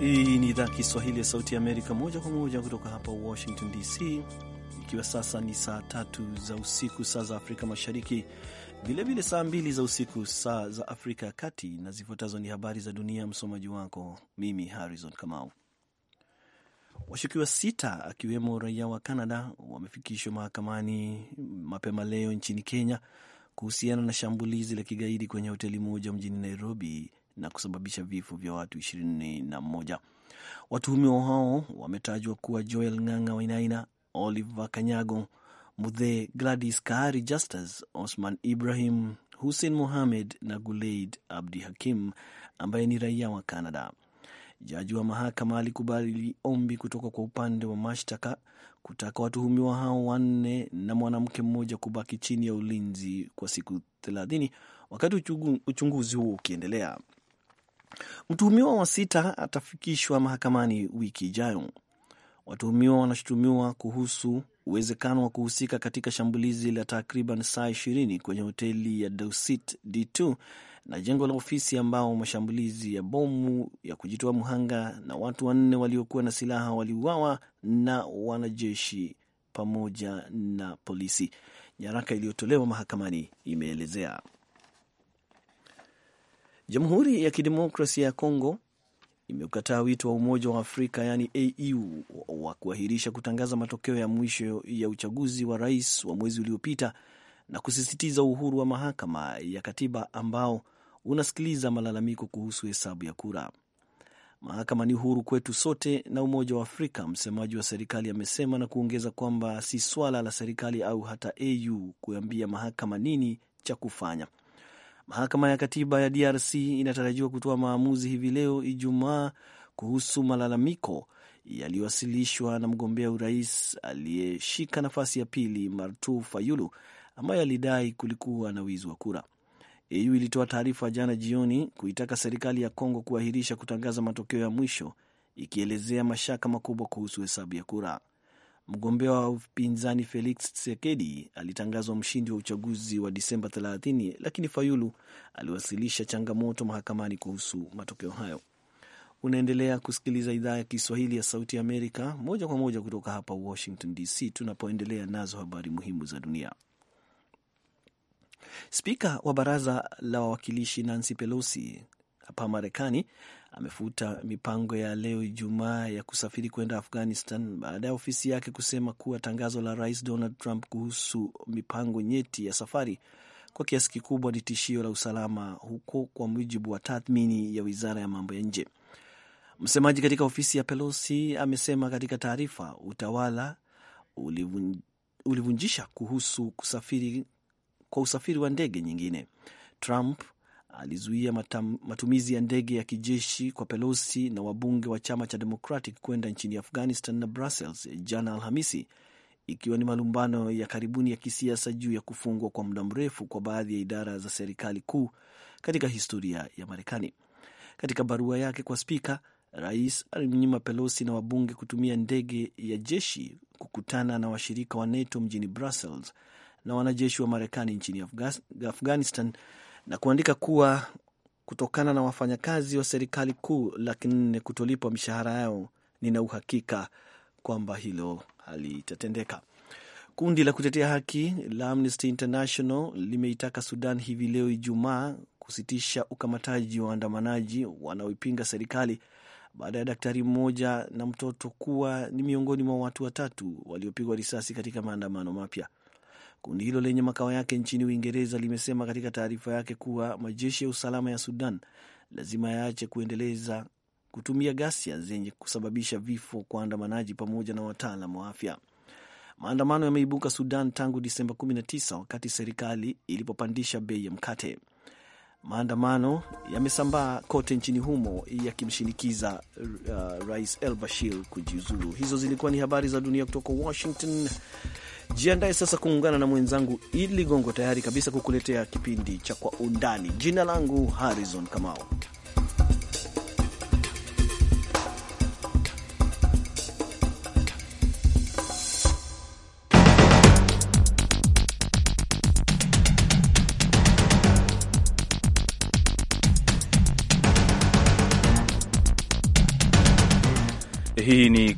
Hii ni idhaa Kiswahili ya Sauti ya Amerika, moja kwa moja kutoka hapa Washington DC, ikiwa sasa ni saa tatu za usiku saa za Afrika Mashariki, vilevile saa mbili za usiku saa za Afrika ya Kati. Na zifuatazo ni habari za dunia, msomaji wako mimi Harrison Kamau. Washukiwa sita akiwemo raia wa Canada wamefikishwa mahakamani mapema leo nchini Kenya kuhusiana na shambulizi la kigaidi kwenye hoteli moja mjini Nairobi na kusababisha vifo vya watu ishirini na moja. Watuhumiwa hao wametajwa kuwa Joel Ng'ang'a Wainaina, Oliver Kanyago Mudhe, Gladys Kahari Justus, Osman Ibrahim, Hussein Mohamed na Guleid Abdi Hakim ambaye ni raia wa Canada. Jaji wa mahakama alikubali ombi kutoka kwa upande wa mashtaka kutaka watuhumiwa hao wanne na mwanamke mmoja kubaki chini ya ulinzi kwa siku thelathini wakati uchunguzi huo ukiendelea. Mtuhumiwa wa sita atafikishwa mahakamani wiki ijayo. Watuhumiwa wanashutumiwa kuhusu uwezekano wa kuhusika katika shambulizi la takriban saa ishirini kwenye hoteli ya Dusit D2 na jengo la ofisi ambao mashambulizi ya bomu ya kujitoa mhanga na watu wanne waliokuwa na silaha waliuawa na wanajeshi pamoja na polisi, nyaraka iliyotolewa mahakamani imeelezea. Jamhuri ya Kidemokrasia ya Kongo imeukataa wito wa Umoja wa Afrika yaani AU wa kuahirisha kutangaza matokeo ya mwisho ya uchaguzi wa rais wa mwezi uliopita na kusisitiza uhuru wa mahakama ya katiba ambao unasikiliza malalamiko kuhusu hesabu ya kura. Mahakama ni uhuru kwetu sote na Umoja wa Afrika, msemaji wa serikali amesema, na kuongeza kwamba si swala la serikali au hata AU kuambia mahakama nini cha kufanya. Mahakama ya Katiba ya DRC inatarajiwa kutoa maamuzi hivi leo Ijumaa kuhusu malalamiko yaliyowasilishwa na mgombea urais aliyeshika nafasi ya pili Martu Fayulu ambaye alidai kulikuwa na wizi wa kura. EU ilitoa taarifa jana jioni kuitaka serikali ya Kongo kuahirisha kutangaza matokeo ya mwisho, ikielezea mashaka makubwa kuhusu hesabu ya kura. Mgombea wa upinzani Felix Tshisekedi alitangazwa mshindi wa uchaguzi wa Disemba 30, lakini Fayulu aliwasilisha changamoto mahakamani kuhusu matokeo hayo. Unaendelea kusikiliza idhaa ya Kiswahili ya Sauti ya Amerika moja kwa moja kutoka hapa Washington DC, tunapoendelea nazo habari muhimu za dunia. Spika wa baraza la wawakilishi Nancy Pelosi hapa Marekani amefuta mipango ya leo Ijumaa ya kusafiri kwenda Afghanistan baada ya ofisi yake kusema kuwa tangazo la Rais Donald Trump kuhusu mipango nyeti ya safari kwa kiasi kikubwa ni tishio la usalama huko, kwa mujibu wa tathmini ya wizara ya mambo ya nje. Msemaji katika ofisi ya Pelosi amesema katika taarifa, utawala ulivunjisha kuhusu kusafiri kwa usafiri wa ndege nyingine. Trump alizuia matam, matumizi ya ndege ya kijeshi kwa Pelosi na wabunge wa chama cha Democratic kwenda nchini Afghanistan na Brussels jana Alhamisi, ikiwa ni malumbano ya karibuni ya kisiasa juu ya kufungwa kwa muda mrefu kwa baadhi ya idara za serikali kuu katika historia ya Marekani. Katika barua yake kwa spika, rais alimnyima Pelosi na wabunge kutumia ndege ya jeshi kukutana na washirika wa NATO mjini Brussels na wanajeshi wa Marekani nchini Afghanistan na kuandika kuwa kutokana na wafanyakazi wa serikali kuu laki nne kutolipwa mishahara yao, nina uhakika kwamba hilo halitatendeka. Kundi la kutetea haki la Amnesty International limeitaka Sudan hivi leo Ijumaa kusitisha ukamataji wa waandamanaji wanaoipinga serikali baada ya daktari mmoja na mtoto kuwa ni miongoni mwa watu watatu waliopigwa risasi katika maandamano mapya. Kundi hilo lenye makao yake nchini Uingereza limesema katika taarifa yake kuwa majeshi ya usalama ya Sudan lazima yaache kuendeleza kutumia ghasia zenye kusababisha vifo kwa waandamanaji pamoja na wataalam wa afya. Maandamano yameibuka Sudan tangu Disemba 19 wakati serikali ilipopandisha bei ya mkate. Maandamano yamesambaa kote nchini humo yakimshinikiza uh, Rais El Bashir kujiuzulu. Hizo zilikuwa ni habari za dunia kutoka Washington. Jiandae sasa kuungana na mwenzangu Ili Ligongo, tayari kabisa kukuletea kipindi cha Kwa Undani. Jina langu Harrison Kamau.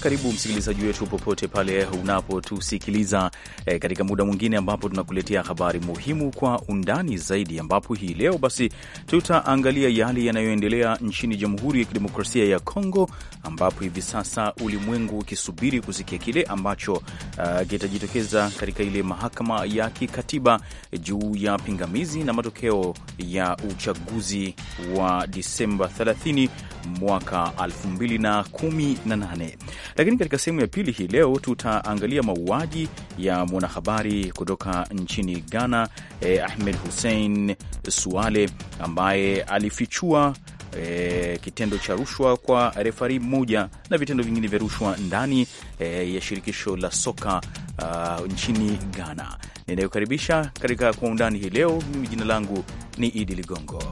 Karibu msikilizaji wetu popote pale unapotusikiliza e, katika muda mwingine ambapo tunakuletea habari muhimu kwa undani zaidi, ambapo hii leo basi tutaangalia yale yanayoendelea nchini Jamhuri ya Kidemokrasia ya Kongo, ambapo hivi sasa ulimwengu ukisubiri kusikia kile ambacho uh, kitajitokeza katika ile mahakama ya kikatiba juu ya pingamizi na matokeo ya uchaguzi wa Disemba 30 mwaka 2018. Lakini katika sehemu ya pili hii leo tutaangalia mauaji ya mwanahabari kutoka nchini Ghana eh, Ahmed Hussein Suale ambaye alifichua E, kitendo cha rushwa kwa refari mmoja na vitendo vingine vya rushwa ndani e, ya shirikisho la soka uh, nchini Ghana. Ninayokaribisha katika kwa undani hii leo, mimi jina langu ni Idi Ligongo.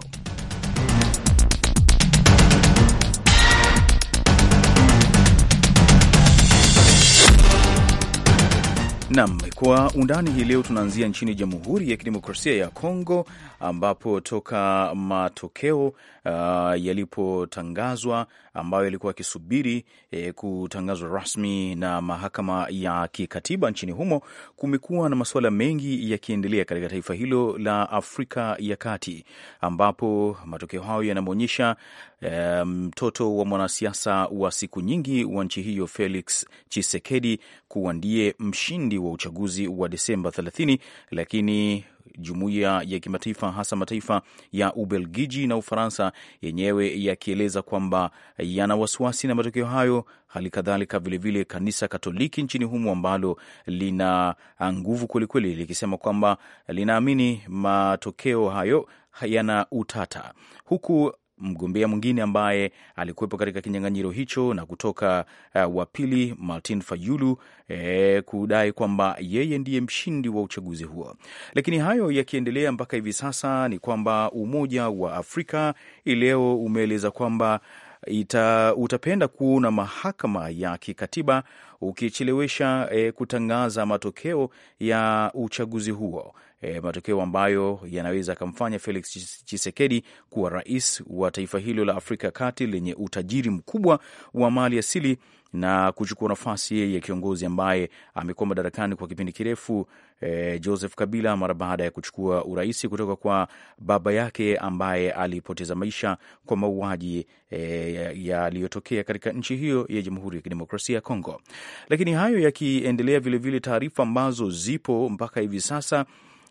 Nam kwa undani hii leo tunaanzia nchini Jamhuri ya Kidemokrasia ya Kongo ambapo toka matokeo uh, yalipotangazwa ambayo yalikuwa yakisubiri eh, kutangazwa rasmi na mahakama ya kikatiba nchini humo, kumekuwa na masuala mengi yakiendelea katika taifa hilo la Afrika ya Kati, ambapo matokeo hayo yanamwonyesha eh, mtoto um, wa mwanasiasa wa siku nyingi wa nchi hiyo Felix chisekedi kuwa ndiye mshindi wa uchaguzi wa Desemba 30 lakini jumuiya ya kimataifa hasa mataifa ya Ubelgiji na Ufaransa yenyewe yakieleza kwamba yana wasiwasi na matokeo hayo. Hali kadhalika vilevile kanisa Katoliki nchini humo ambalo lina nguvu kwelikweli, likisema kwamba linaamini matokeo hayo yana utata, huku mgombea mwingine ambaye alikuwepo katika kinyang'anyiro hicho na kutoka uh, wa pili Martin Fayulu eh, kudai kwamba yeye ndiye mshindi wa uchaguzi huo. Lakini hayo yakiendelea mpaka hivi sasa ni kwamba Umoja wa Afrika ileo umeeleza kwamba ita, utapenda kuona mahakama ya kikatiba ukichelewesha e, kutangaza matokeo ya uchaguzi huo e, matokeo ambayo yanaweza akamfanya Felix chisekedi kuwa rais wa taifa hilo la Afrika ya Kati lenye utajiri mkubwa wa mali asili na kuchukua nafasi ya kiongozi ambaye amekuwa madarakani kwa kipindi kirefu e, Joseph Kabila mara baada ya kuchukua urais kutoka kwa baba yake ambaye alipoteza maisha kwa mauaji e, yaliyotokea katika nchi hiyo ya Jamhuri ya Kidemokrasia ya Kongo. Lakini hayo yakiendelea, vilevile taarifa ambazo zipo mpaka hivi sasa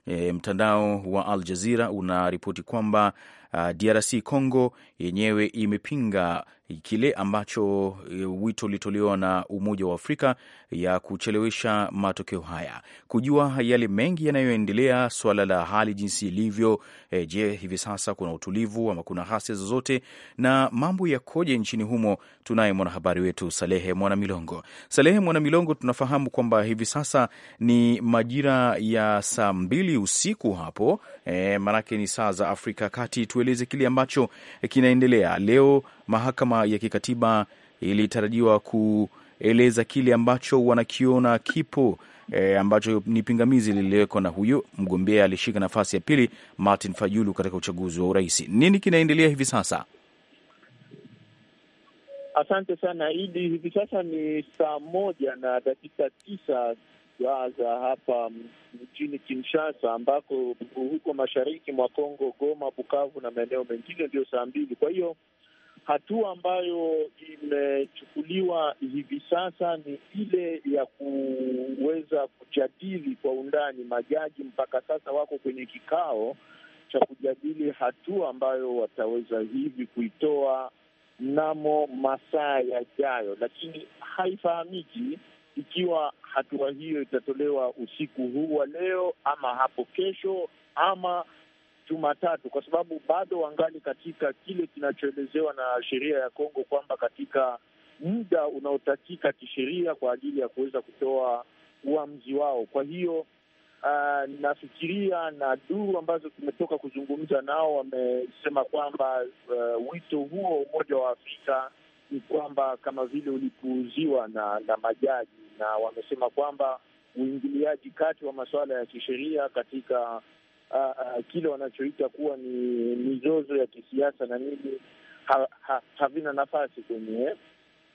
E, mtandao wa Al Jazeera unaripoti kwamba uh, ah, DRC Congo yenyewe imepinga kile ambacho e, wito ulitolewa na Umoja wa Afrika ya kuchelewesha matokeo haya. Kujua yale mengi yanayoendelea, suala la hali jinsi ilivyo, e, je, hivi sasa kuna utulivu ama kuna ghasia zozote na mambo yakoje nchini humo? Tunaye mwanahabari wetu Salehe Mwanamilongo. Salehe Mwanamilongo, tunafahamu kwamba hivi sasa ni majira ya saa mbili usiku hapo, e, maanake ni saa za Afrika Kati. Tueleze kile ambacho kina inaendelea Leo mahakama ya kikatiba ilitarajiwa kueleza kile ambacho wanakiona kipo E, ambacho ni pingamizi lililowekwa na huyu mgombea alishika nafasi ya pili Martin Fayulu katika uchaguzi wa urais. Nini kinaendelea hivi sasa? Asante sana Idi. Hivi sasa ni saa moja na dakika tisa za hapa mjini Kinshasa, ambako huko mashariki mwa Kongo, Goma, Bukavu na maeneo mengine ndio saa mbili. Kwa hiyo hatua ambayo imechukuliwa hivi sasa ni ile ya kuweza kujadili kwa undani. Majaji mpaka sasa wako kwenye kikao cha kujadili hatua ambayo wataweza hivi kuitoa mnamo masaa yajayo, lakini haifahamiki ikiwa hatua hiyo itatolewa usiku huu wa leo ama hapo kesho ama Jumatatu, kwa sababu bado wangali katika kile kinachoelezewa na sheria ya Kongo kwamba katika muda unaotakika kisheria kwa ajili ya kuweza kutoa uamuzi wao. Kwa hiyo uh, nafikiria na duru ambazo tumetoka kuzungumza nao wamesema kwamba uh, wito huo Umoja wa Afrika ni kwamba kama vile ulipuuziwa na na majaji na wamesema kwamba uingiliaji kati wa masuala ya kisheria katika uh, uh, kile wanachoita kuwa ni mizozo ya kisiasa na nini ha, ha, havina nafasi kwenye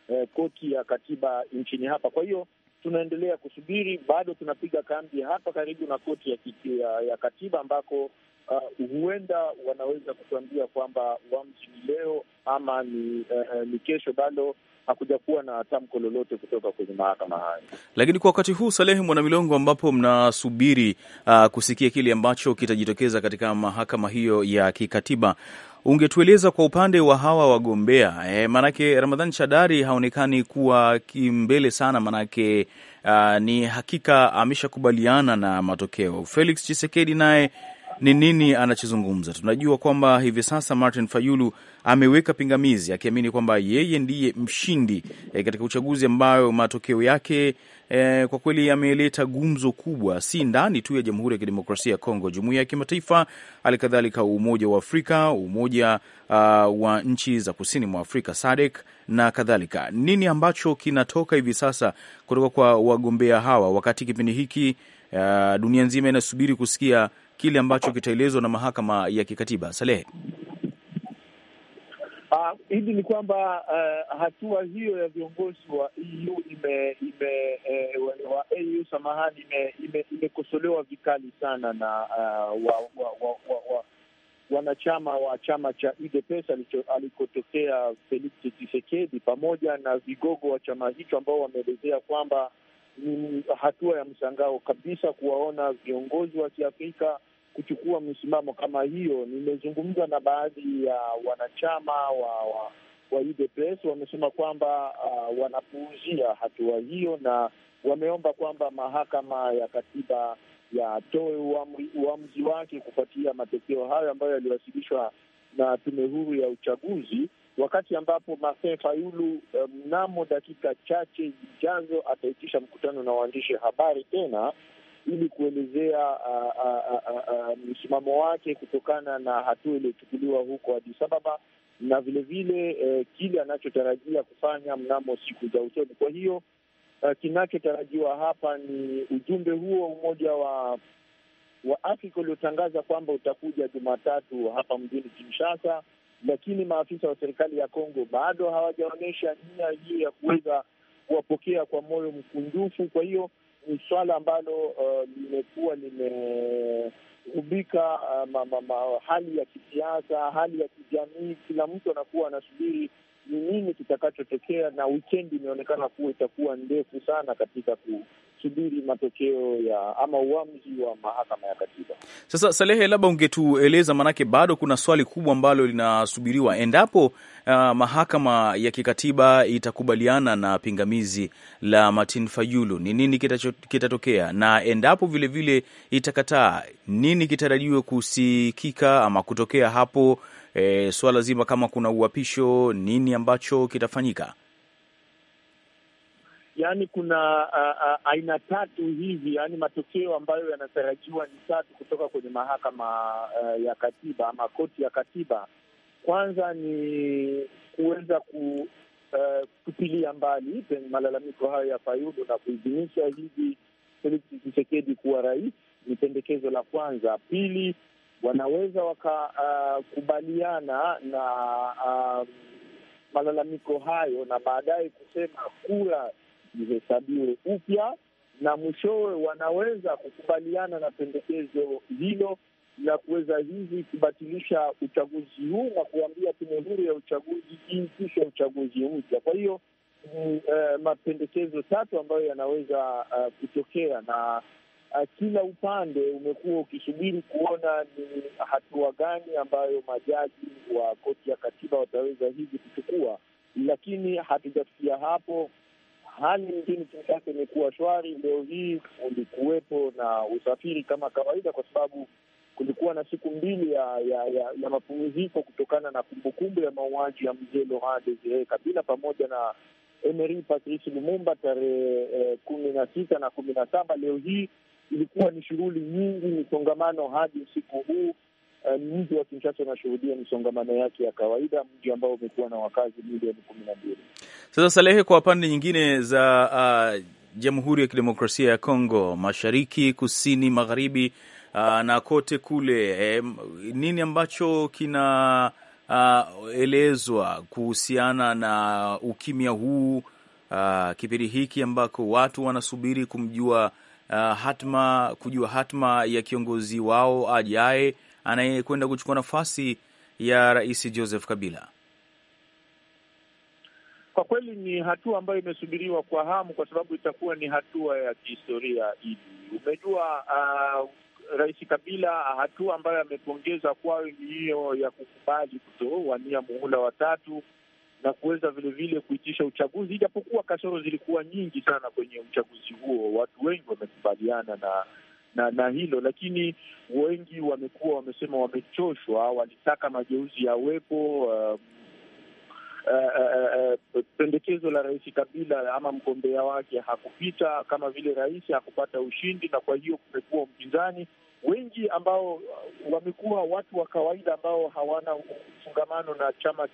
eh, koti ya katiba nchini hapa. Kwa hiyo tunaendelea kusubiri, bado tunapiga kambi hapa karibu na koti ya, ya, ya katiba ambako Uh, huenda wanaweza kutuambia kwamba uamuzi ni leo ama ni, uh, ni kesho. Bado hakuja kuwa na tamko lolote kutoka kwenye mahakama hayo. Lakini kwa wakati huu, Salehe Mwanamilongo, ambapo mnasubiri uh, kusikia kile ambacho kitajitokeza katika mahakama hiyo ya kikatiba, ungetueleza kwa upande wa hawa wagombea e, eh, maanake Ramadhan Shadari haonekani kuwa kimbele sana, maanake uh, ni hakika ameshakubaliana na matokeo. Felix Chisekedi naye ni nini anachozungumza. Tunajua kwamba hivi sasa Martin Fayulu ameweka pingamizi akiamini kwamba yeye ndiye mshindi e, katika uchaguzi ambayo matokeo yake e, kwa kweli yameleta gumzo kubwa, si ndani tu ya Jamhuri ya Kidemokrasia ya Kongo, jumuiya ya kimataifa, hali kadhalika Umoja wa Afrika, Umoja uh, wa nchi za kusini mwa Afrika SADC na kadhalika. Nini ambacho kinatoka hivi sasa kutoka kwa wagombea hawa wakati kipindi hiki uh, dunia nzima inasubiri kusikia kile ambacho kitaelezwa na mahakama ya kikatiba Salehe? Ah, Hivi ni kwamba uh, hatua hiyo ya viongozi wa EU ime, ime, eh, wa, EU samahani, imekosolewa ime, ime vikali sana na uh, wa, wa, wa, wa, wa, wanachama wa chama cha UDPS alikotokea Felix Tshisekedi pamoja na vigogo wa chama hicho ambao wameelezea kwamba ni hatua ya mshangao kabisa kuwaona viongozi wa Kiafrika kuchukua msimamo kama hiyo. Nimezungumza na baadhi ya uh, wanachama wa, wa, wa UDPS wamesema kwamba uh, wanapuuzia hatua hiyo, na wameomba kwamba mahakama ya katiba yatoe uamuzi wake kufuatia matokeo hayo ambayo yaliwasilishwa na tume huru ya uchaguzi, wakati ambapo Martin Fayulu uh, mnamo um, dakika chache zijazo ataitisha mkutano na waandishi habari tena ili kuelezea msimamo wake kutokana na hatua iliyochukuliwa huko Addis Ababa na vilevile eh, kile anachotarajia kufanya mnamo siku za usoni. Kwa hiyo eh, kinachotarajiwa hapa ni ujumbe huo umoja wa wa Afrika uliotangaza kwamba utakuja Jumatatu hapa mjini Kinshasa, lakini maafisa wa serikali ya Kongo bado hawajaonyesha nia hiyo ya kuweza kuwapokea kwa moyo mkunjufu. Kwa hiyo ni swala ambalo uh, limekuwa uh, uh, ma, ma, ma, hali ya kisiasa, hali ya kijamii. Kila mtu anakuwa anasubiri ni nini kitakachotokea, na wikendi imeonekana kuwa itakuwa ndefu sana katika ku kusubiri matokeo ya ama uamuzi wa mahakama ya katiba. Sasa Salehe, labda ungetueleza, maanake bado kuna swali kubwa ambalo linasubiriwa, endapo uh, mahakama ya kikatiba itakubaliana na pingamizi la Martin Fayulu, ni nini kitatokea kita, na endapo vilevile vile itakataa, nini kitarajiwe kusikika ama kutokea hapo? E, swala zima kama kuna uapisho, nini ambacho kitafanyika? yaani kuna uh, uh, aina tatu hivi, yaani matokeo ambayo yanatarajiwa ni tatu kutoka kwenye mahakama uh, ya katiba ama koti ya katiba. Kwanza ni kuweza ku uh, mbali malalamiko hayo ya Fayulu na kuidhinisha hivi Felix Tshisekedi kuwa rais, ni pendekezo la kwanza. Pili, wanaweza wakakubaliana uh, na uh, malalamiko hayo na baadaye kusema kura ihesabiwe upya na mwishowe wanaweza kukubaliana na pendekezo hilo la kuweza hivi kubatilisha uchaguzi huu na kuambia tume huru ya uchaguzi iitishe uchaguzi mpya. Kwa hiyo uh, mapendekezo tatu ambayo yanaweza uh, kutokea na uh, kila upande umekuwa ukisubiri kuona ni hatua gani ambayo majaji wa koti ya katiba wataweza hivi kuchukua, lakini hatujafikia hapo hali nchini Kinshasa imekuwa shwari. Leo hii kulikuwepo na usafiri kama kawaida, kwa sababu kulikuwa na siku mbili ya ya, ya, ya mapumziko kutokana na kumbukumbu ya mauaji ya mzee Laurent Desire Kabila pamoja na Emery Patrice Lumumba tarehe eh, kumi na sita na kumi na saba. Leo hii ilikuwa ni shughuli nyingi, misongamano hadi usiku huu Eh, mji wa Kinshasa unashuhudia misongamano yake ya kawaida, mji ambao umekuwa na wakazi milioni kumi na mbili. Sasa Salehe, kwa pande nyingine za uh, Jamhuri ya Kidemokrasia ya Kongo, mashariki, kusini, magharibi uh, na kote kule eh, nini ambacho kinaelezwa ah, uh, kuhusiana na ukimya huu uh, kipindi hiki ambako watu wanasubiri kumjua uh, hatma kujua hatma ya kiongozi wao ajaye anayekwenda kuchukua nafasi ya Rais Joseph Kabila? Kwa kweli ni hatua ambayo imesubiriwa kwa hamu, kwa sababu itakuwa ni hatua ya kihistoria hili. Umejua uh, Rais Kabila hatua ambayo amepongeza kwayo ni hiyo ya kukubali kutowania muhula watatu na kuweza vilevile kuitisha uchaguzi, ijapokuwa kasoro zilikuwa nyingi sana kwenye uchaguzi huo. Watu wengi wamekubaliana na na na hilo lakini wengi wamekuwa wamesema wamechoshwa, walitaka mageuzi yawepo. Uh, uh, uh, uh, pendekezo la Rais Kabila ama mgombea wake hakupita, kama vile rais hakupata ushindi, na kwa hiyo kumekuwa mpinzani wengi ambao uh, wamekuwa watu wa kawaida ambao hawana mfungamano na chama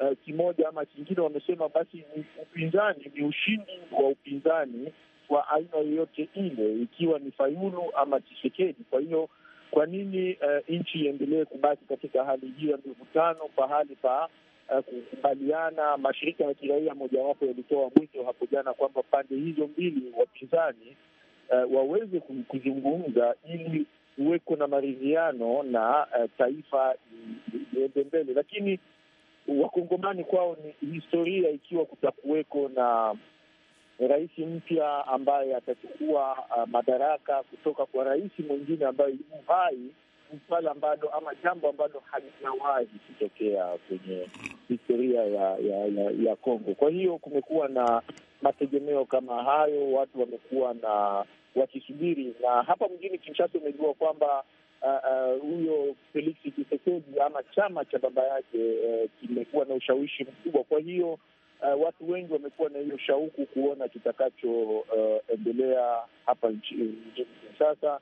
uh, kimoja ama kingine, wamesema basi ni upinzani, ni ushindi wa upinzani kwa aina yoyote ile, ikiwa ni Fayulu ama Tshisekedi. Kwa hiyo kwa nini uh, nchi iendelee kubaki katika hali hiyo ya mivutano pahali pa uh, kukubaliana? Mashirika ya kiraia mojawapo yalitoa mwito hapo jana kwamba pande hizo mbili wapinzani uh, waweze kuzungumza ili uweko na maridhiano na uh, taifa liende mbele, lakini Wakongomani kwao ni historia, ikiwa kutakuweko na rais mpya ambaye atachukua uh, madaraka kutoka kwa rais mwingine ambaye yu hai swala ambalo ama jambo ambalo halijawahi kutokea kwenye historia ya ya, ya ya Kongo. Kwa hiyo kumekuwa na mategemeo kama hayo, watu wamekuwa na wakisubiri, na hapa mjini Kinshasa umejua kwamba huyo uh, uh, Felix Tshisekedi ama chama cha baba yake uh, kimekuwa na ushawishi mkubwa, kwa hiyo uh, watu wengi wamekuwa na hiyo shauku kuona kitakachoendelea eh, uh, hapa nchini sasa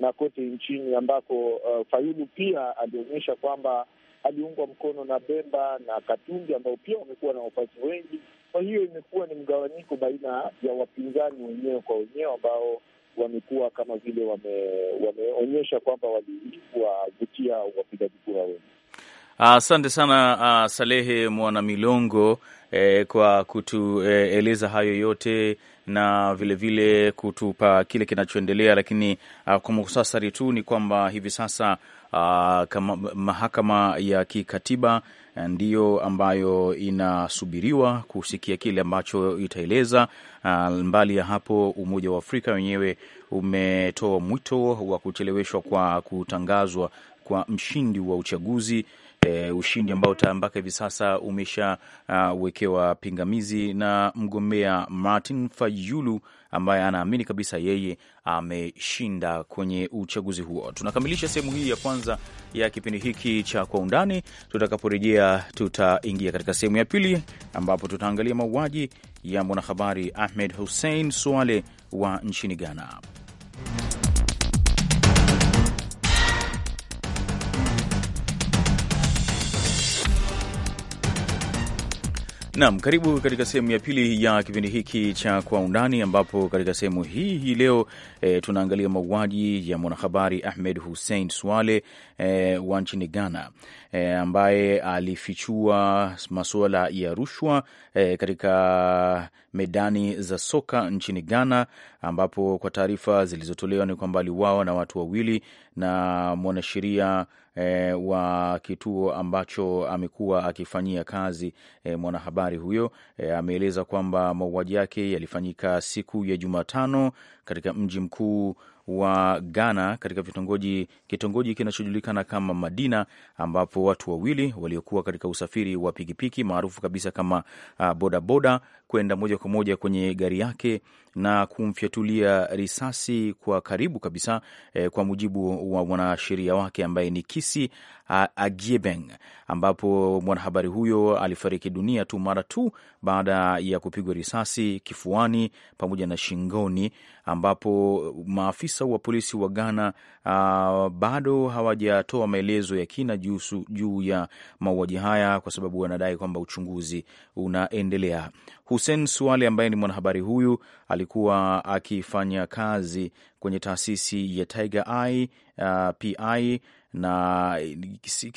na kote nchini ambako uh, Fayulu pia alionyesha kwamba aliungwa mkono na Bemba na Katumbi ambao pia wamekuwa na wafuasi wengi. Kwa hiyo imekuwa ni mgawanyiko baina ya wapinzani wenyewe kwa wenyewe ambao wamekuwa kama vile wameonyesha wame kwamba waliwavutia wapigaji kura wengi. Asante uh, sana uh, Salehe Mwana Milongo eh, kwa kutueleza eh, hayo yote na vilevile vile kutupa kile kinachoendelea, lakini uh, kwa muhtasari tu ni kwamba hivi sasa uh, kama mahakama ya kikatiba ndiyo ambayo inasubiriwa kusikia kile ambacho itaeleza. mbali ya hapo, Umoja wa Afrika wenyewe umetoa mwito wa kucheleweshwa kwa kutangazwa kwa mshindi wa uchaguzi e, ushindi ambao mpaka hivi sasa umeshawekewa ah, uh, pingamizi na mgombea Martin Fayulu ambaye anaamini kabisa yeye ameshinda kwenye uchaguzi huo. Tunakamilisha sehemu hii ya kwanza ya kipindi hiki cha Kwa Undani. Tutakaporejea tutaingia katika sehemu ya pili ambapo tutaangalia mauaji ya mwanahabari Ahmed Hussein swale wa nchini Ghana. Naam, karibu katika sehemu ya pili ya kipindi hiki cha Kwa Undani, ambapo katika sehemu hii hii leo e, tunaangalia mauaji ya mwanahabari Ahmed Hussein Swale e, eh, wa nchini Ghana e, ambaye alifichua masuala ya rushwa e, katika medani za soka nchini Ghana, ambapo kwa taarifa zilizotolewa ni kwamba aliuawa na watu wawili na mwanasheria e, wa kituo ambacho amekuwa akifanyia kazi e, mwanahabari huyo e, ameeleza kwamba mauaji yake yalifanyika siku ya Jumatano katika mji mkuu wa Ghana katika vitongoji kitongoji kinachojulikana kama Madina, ambapo watu wawili waliokuwa katika usafiri wa pikipiki maarufu kabisa kama ah, bodaboda uh, kwenda moja kwa moja kwenye gari yake na kumfyatulia risasi kwa karibu kabisa eh, kwa mujibu wa mwanasheria wake ambaye ni Kisi Agiebeng, ambapo mwanahabari huyo alifariki dunia tu mara tu baada ya kupigwa risasi kifuani pamoja na shingoni, ambapo maafisa wa polisi wa Ghana uh, bado hawajatoa maelezo ya kina juu ya mauaji haya, kwa sababu wanadai kwamba uchunguzi unaendelea. Hussein Suale ambaye ni mwanahabari huyu alikuwa akifanya kazi kwenye taasisi ya Tiger Eye uh, PI na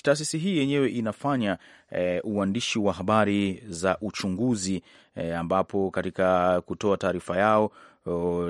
taasisi hii yenyewe inafanya e, uandishi wa habari za uchunguzi e, ambapo katika kutoa taarifa yao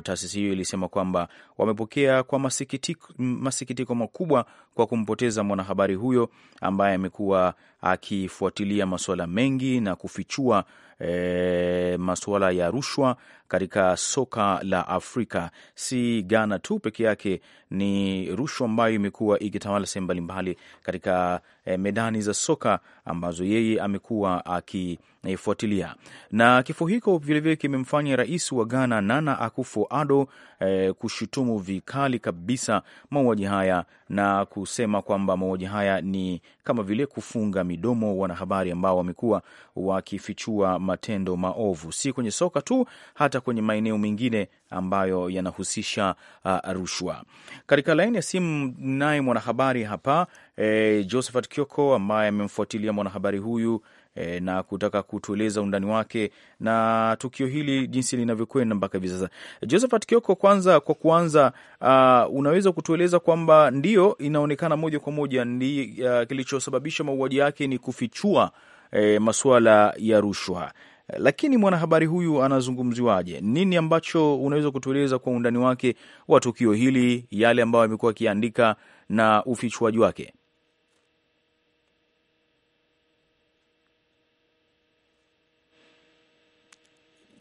taasisi hiyo ilisema kwamba wamepokea kwa masikitiko, masikitiko makubwa kwa kumpoteza mwanahabari huyo ambaye amekuwa akifuatilia masuala mengi na kufichua e, masuala ya rushwa katika soka la Afrika. Si Ghana tu peke yake, ni rushwa ambayo imekuwa ikitawala sehemu mbalimbali katika e, medani za soka ambazo yeye amekuwa akifuatilia. Na kifo hiko vilevile kimemfanya rais wa Ghana Nana Akufo-Addo e, kushutumu vikali kabisa mauaji haya na kusema kwamba mauaji haya ni kama vile kufunga midomo wanahabari ambao wamekuwa wakifichua matendo maovu, si kwenye soka tu, hata kwenye maeneo mengine ambayo yanahusisha uh, rushwa. Katika laini ya simu naye mwanahabari hapa eh, Josephat Kioko ambaye amemfuatilia mwanahabari huyu e, na kutaka kutueleza undani wake na tukio hili jinsi linavyokwenda mpaka hivi sasa. Josephat Kioko, kwanza kwa kuanza, uh, unaweza kutueleza kwamba ndio inaonekana moja kwa moja ndi uh, kilichosababisha mauaji yake ni kufichua e, masuala ya rushwa, lakini mwanahabari huyu anazungumziwaje? Nini ambacho unaweza kutueleza kwa undani wake wa tukio hili, yale ambayo amekuwa akiandika na ufichuaji wake?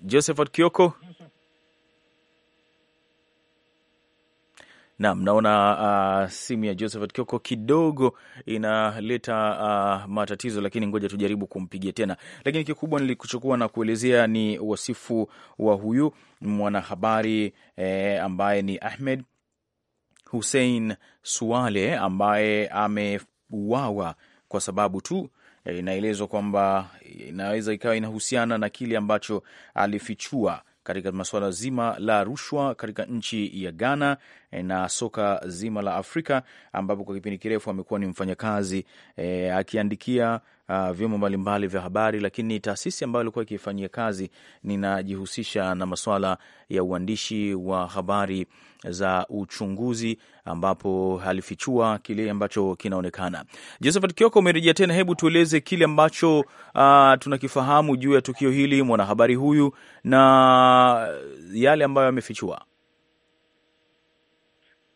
Josephat Kioko. Naam, naona uh, simu ya Josephat Kioko kidogo inaleta uh, matatizo, lakini ngoja tujaribu kumpigia tena. Lakini kikubwa nilikuchukua na kuelezea ni wasifu wa huyu mwanahabari eh, ambaye ni Ahmed Hussein Suale ambaye ameuawa kwa sababu tu Eh, inaelezwa kwamba inaweza ikawa inahusiana na kile ambacho alifichua katika masuala zima la rushwa katika nchi ya Ghana eh, na soka zima la Afrika, ambapo kwa kipindi kirefu amekuwa ni mfanyakazi e, akiandikia uh, vyombo mbalimbali vya habari, lakini taasisi ambayo ilikuwa ikifanyia kazi ninajihusisha na masuala ya uandishi wa habari za uchunguzi ambapo alifichua kile ambacho kinaonekana. Josephat Kioko, umerejea tena, hebu tueleze kile ambacho uh, tunakifahamu juu ya tukio hili, mwanahabari huyu na yale ambayo amefichua.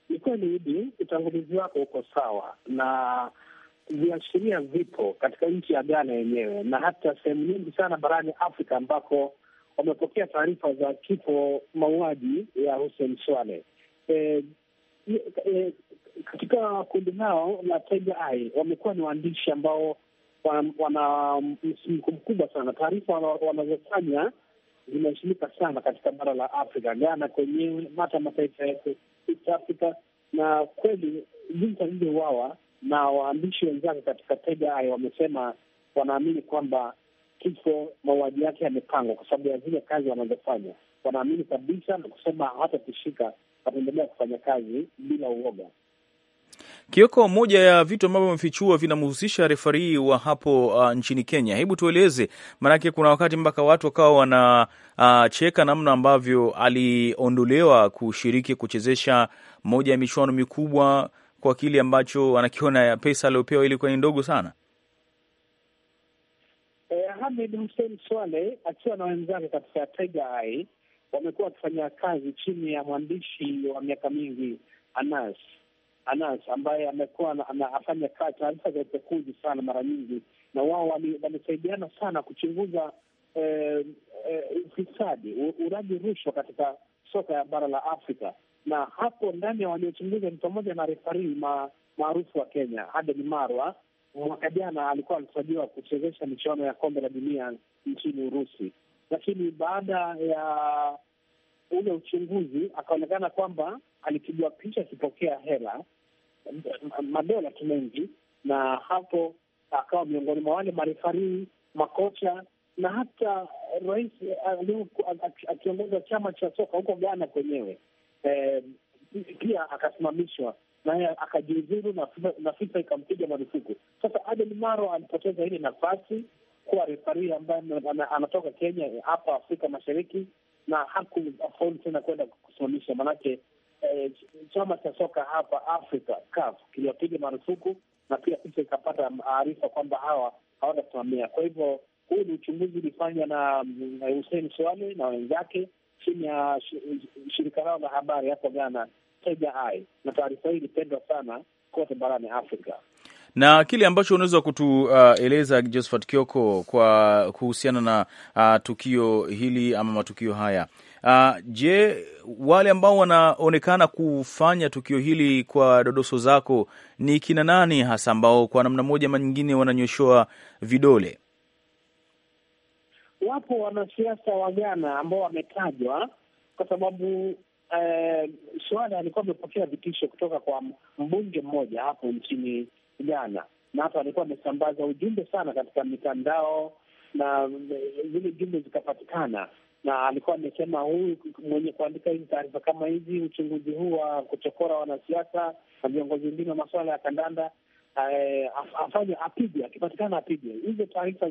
Ni kweli Idi, utangulizi wako uko sawa na viashiria vipo katika nchi ya Ghana yenyewe na hata sehemu nyingi sana barani Afrika ambako wamepokea taarifa za kifo mauaji ya Hussein Swale. E, e, e, katika kundi lao la Tiger Eye wamekuwa ni waandishi ambao wana, msimko mkubwa sana. Taarifa wanazofanya zimeheshimika sana katika bara la Afrika, Ghana kwenyewe, hata mataifa ya East Africa, na kweli jinsi alivyouawa na waandishi wenzake katika Tega Eye wamesema wanaamini kwamba kifo mauaji yake yamepangwa kwa sababu ya zile kazi wanazofanya. Wanaamini kabisa na kusema hawatatishika, wataendelea kufanya kazi bila uoga. Kioko, moja ya vitu ambavyo amefichua vinamhusisha refarii wa hapo uh, nchini Kenya. Hebu tueleze, maanake kuna wakati mpaka watu wakawa wanacheka uh, namna ambavyo aliondolewa kushiriki kuchezesha moja ya michuano mikubwa kwa kile ambacho anakiona ya pesa aliyopewa ilikuwa ni ndogo sana. E, Hamid Hussein Swale akiwa na wenzake katika Tiger Eye wamekuwa wakifanya kazi chini ya mwandishi wa miaka mingi Anas Anas ambaye amekuwa anafanya kazi taarifa za upekuzi sana mara nyingi, na wao wamesaidiana sana kuchunguza ufisadi, eh, eh, uraji rushwa katika soka ya bara la Afrika na hapo ndani ya waliochunguza ni pamoja na refarii maarufu wa Kenya Aden Marwa. Mwaka jana alikuwa alitarajiwa kuchezesha michuano ya kombe la dunia nchini Urusi, lakini baada ya ule uchunguzi akaonekana kwamba alipigwa picha akipokea hela madola tu mengi, na hapo akawa miongoni mwa wale marefarii, makocha na hata rais eh, akiongoza chama cha soka huko Ghana kwenyewe eh, pia akasimamishwa naye akajiuzuru na, na FIFA ikampiga marufuku. Sasa Adel Maro alipoteza ile nafasi kuwa refari ambaye anatoka Kenya eh, hapa Afrika Mashariki na hakufaulu tena kwenda kusimamisha, maanake eh, chama cha soka hapa Afrika CAF kiliwapiga marufuku na pia FIFA ikapata taarifa kwamba hawa hawatasimamia. Kwa hivyo huu ni uchunguzi ulifanywa na mm, Hussein Swale na wenzake chini ya shirika lao la habari hapo Ghana, Tega na taarifa hii ilipendwa sana kote barani Afrika na kile ambacho unaweza kutueleza uh, Josephat Kioko kwa kuhusiana na uh, tukio hili ama matukio haya uh, je, wale ambao wanaonekana kufanya tukio hili kwa dodoso zako ni kina nani hasa, ambao kwa namna moja ama nyingine wananyoshoa vidole? wapo wanasiasa wa Ghana ambao wametajwa kwa sababu eh, Suada alikuwa amepokea vitisho kutoka kwa mbunge mmoja hapo nchini Ghana, na hapo alikuwa amesambaza ujumbe sana katika mitandao na zile jumbe zikapatikana, na alikuwa amesema huyu mwenye kuandika hizi taarifa kama hizi, uchunguzi huu wa kuchokora wanasiasa na viongozi wengine wa masuala ya kandanda eh, afanye, apige, akipatikana apige. Hizo taarifa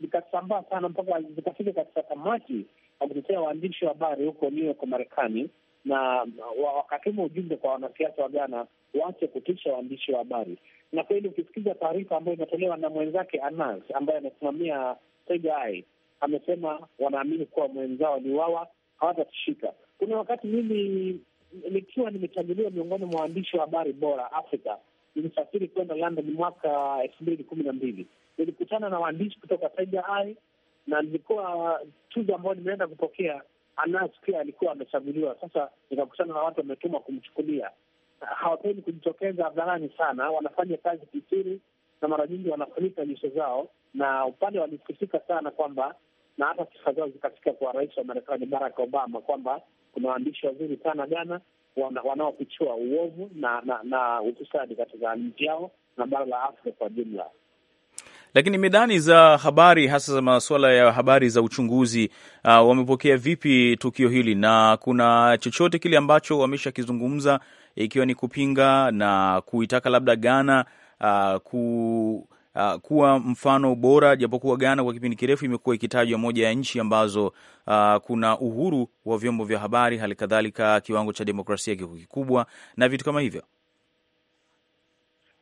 zikasambaa sana mpaka zikafika katika kamati ya kutetea waandishi wa habari huko New York Marekani, na wakatuma ujumbe kwa wanasiasa wa Ghana waache kutisha waandishi wa habari. Na kweli ukisikiza taarifa ambayo imetolewa na mwenzake Anas ambaye anasimamia TGI, amesema wanaamini kuwa mwenzao waliuawa, hawatatishika. Kuna wakati mimi nikiwa nimechaguliwa miongoni mwa waandishi wa habari bora Afrika nilisafiri kwenda London mwaka elfu mbili kumi na mbili. Nilikutana na waandishi kutoka Tiger Eye na nilikuwa tuzo ambayo nimeenda kupokea, Anas pia alikuwa amechaguliwa. Sasa nikakutana na watu wametumwa kumchukulia. Hawapendi kujitokeza hadharani sana, wanafanya kazi kisiri na mara nyingi wanafunika nyuso zao, na upande walisikitika sana kwamba na hata sifa zao zikatika kwa rais wa Marekani Barack Obama kwamba kuna waandishi wazuri sana Ghana wanaofichua uovu na na, na ufisadi katika nchi yao na bara la Afrika kwa jumla. Lakini medani za habari hasa za masuala ya habari za uchunguzi uh, wamepokea vipi tukio hili, na kuna chochote kile ambacho wameshakizungumza ikiwa ni kupinga na kuitaka labda Ghana uh, ku uh, kuwa mfano bora, japokuwa Ghana kwa kipindi kirefu imekuwa ikitajwa moja ya nchi ambazo uh, kuna uhuru wa vyombo vya habari, hali kadhalika kiwango cha demokrasia kiko kikubwa na vitu kama hivyo.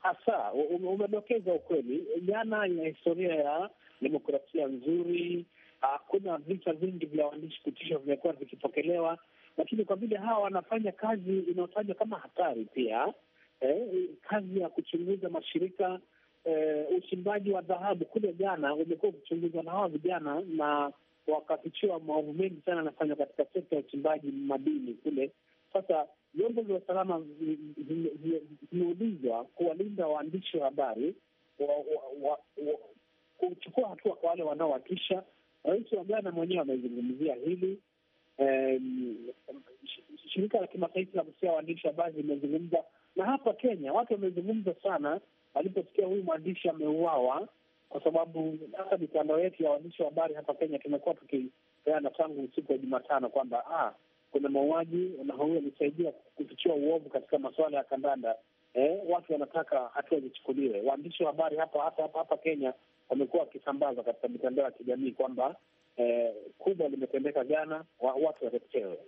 Hasa umedokeza ukweli, Ghana ina historia ya demokrasia nzuri. Uh, vita vingi vya waandishi kutishwa vimekuwa vikipokelewa, lakini kwa vile hawa wanafanya kazi inayotajwa kama hatari pia eh, kazi ya kuchunguza mashirika eh, uchimbaji wa dhahabu kule Ghana umekuwa ukichunguzwa na hawa vijana na wakafichiwa maovu mengi sana anafanywa katika sekta ya uchimbaji madini kule. Sasa vyombo vya usalama vimeulizwa kuwalinda waandishi wa habari, kuchukua hatua kwa wale wanaowatisha. Rais wa Ghana mwenyewe amezungumzia hili. Shirika la kimataifa la kusia waandishi wa habari limezungumza, na hapa Kenya watu wamezungumza sana aliposikia huyu mwandishi ameuawa, kwa sababu hata mitandao yetu ya waandishi wa habari hapa Kenya tumekuwa tukipeana tangu usiku wa Jumatano kwamba ah, kuna mauaji na huyu amesaidia kufichua uovu katika masuala ya kandanda. Eh, watu wanataka hatua zichukuliwe. Waandishi wa habari hapa hapa hapa, hapa Kenya wamekuwa wakisambaza katika mitandao ya kijamii kwamba eh, kubwa limetendeka jana, wa, watu watetewe.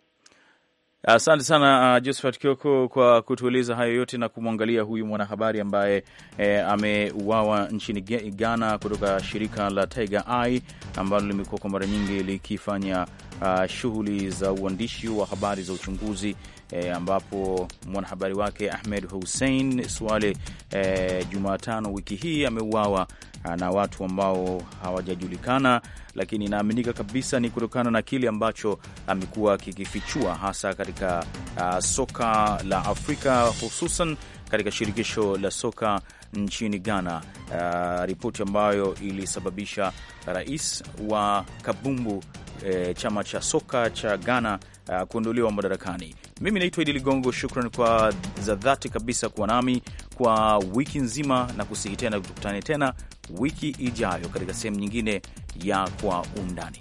Asante sana uh, Josephat Kioko kwa kutueleza hayo yote na kumwangalia huyu mwanahabari ambaye eh, ameuawa nchini Ghana kutoka shirika la Tiger Eye ambalo limekuwa kwa mara nyingi likifanya uh, shughuli za uandishi wa habari za uchunguzi e, ambapo mwanahabari wake Ahmed Hussein Swale e, Jumatano wiki hii ameuawa e, na watu ambao hawajajulikana, lakini inaaminika kabisa ni kutokana na kile ambacho amekuwa kikifichua hasa katika uh, soka la Afrika hususan katika shirikisho la soka nchini Ghana, uh, ripoti ambayo ilisababisha rais wa kabumbu eh, chama cha soka cha Ghana uh, kuondolewa madarakani. Mimi naitwa Idi Ligongo, shukran kwa za dhati kabisa kuwa nami kwa wiki nzima na kusihi tena tukutane tena wiki ijayo katika sehemu nyingine ya Kwa Undani.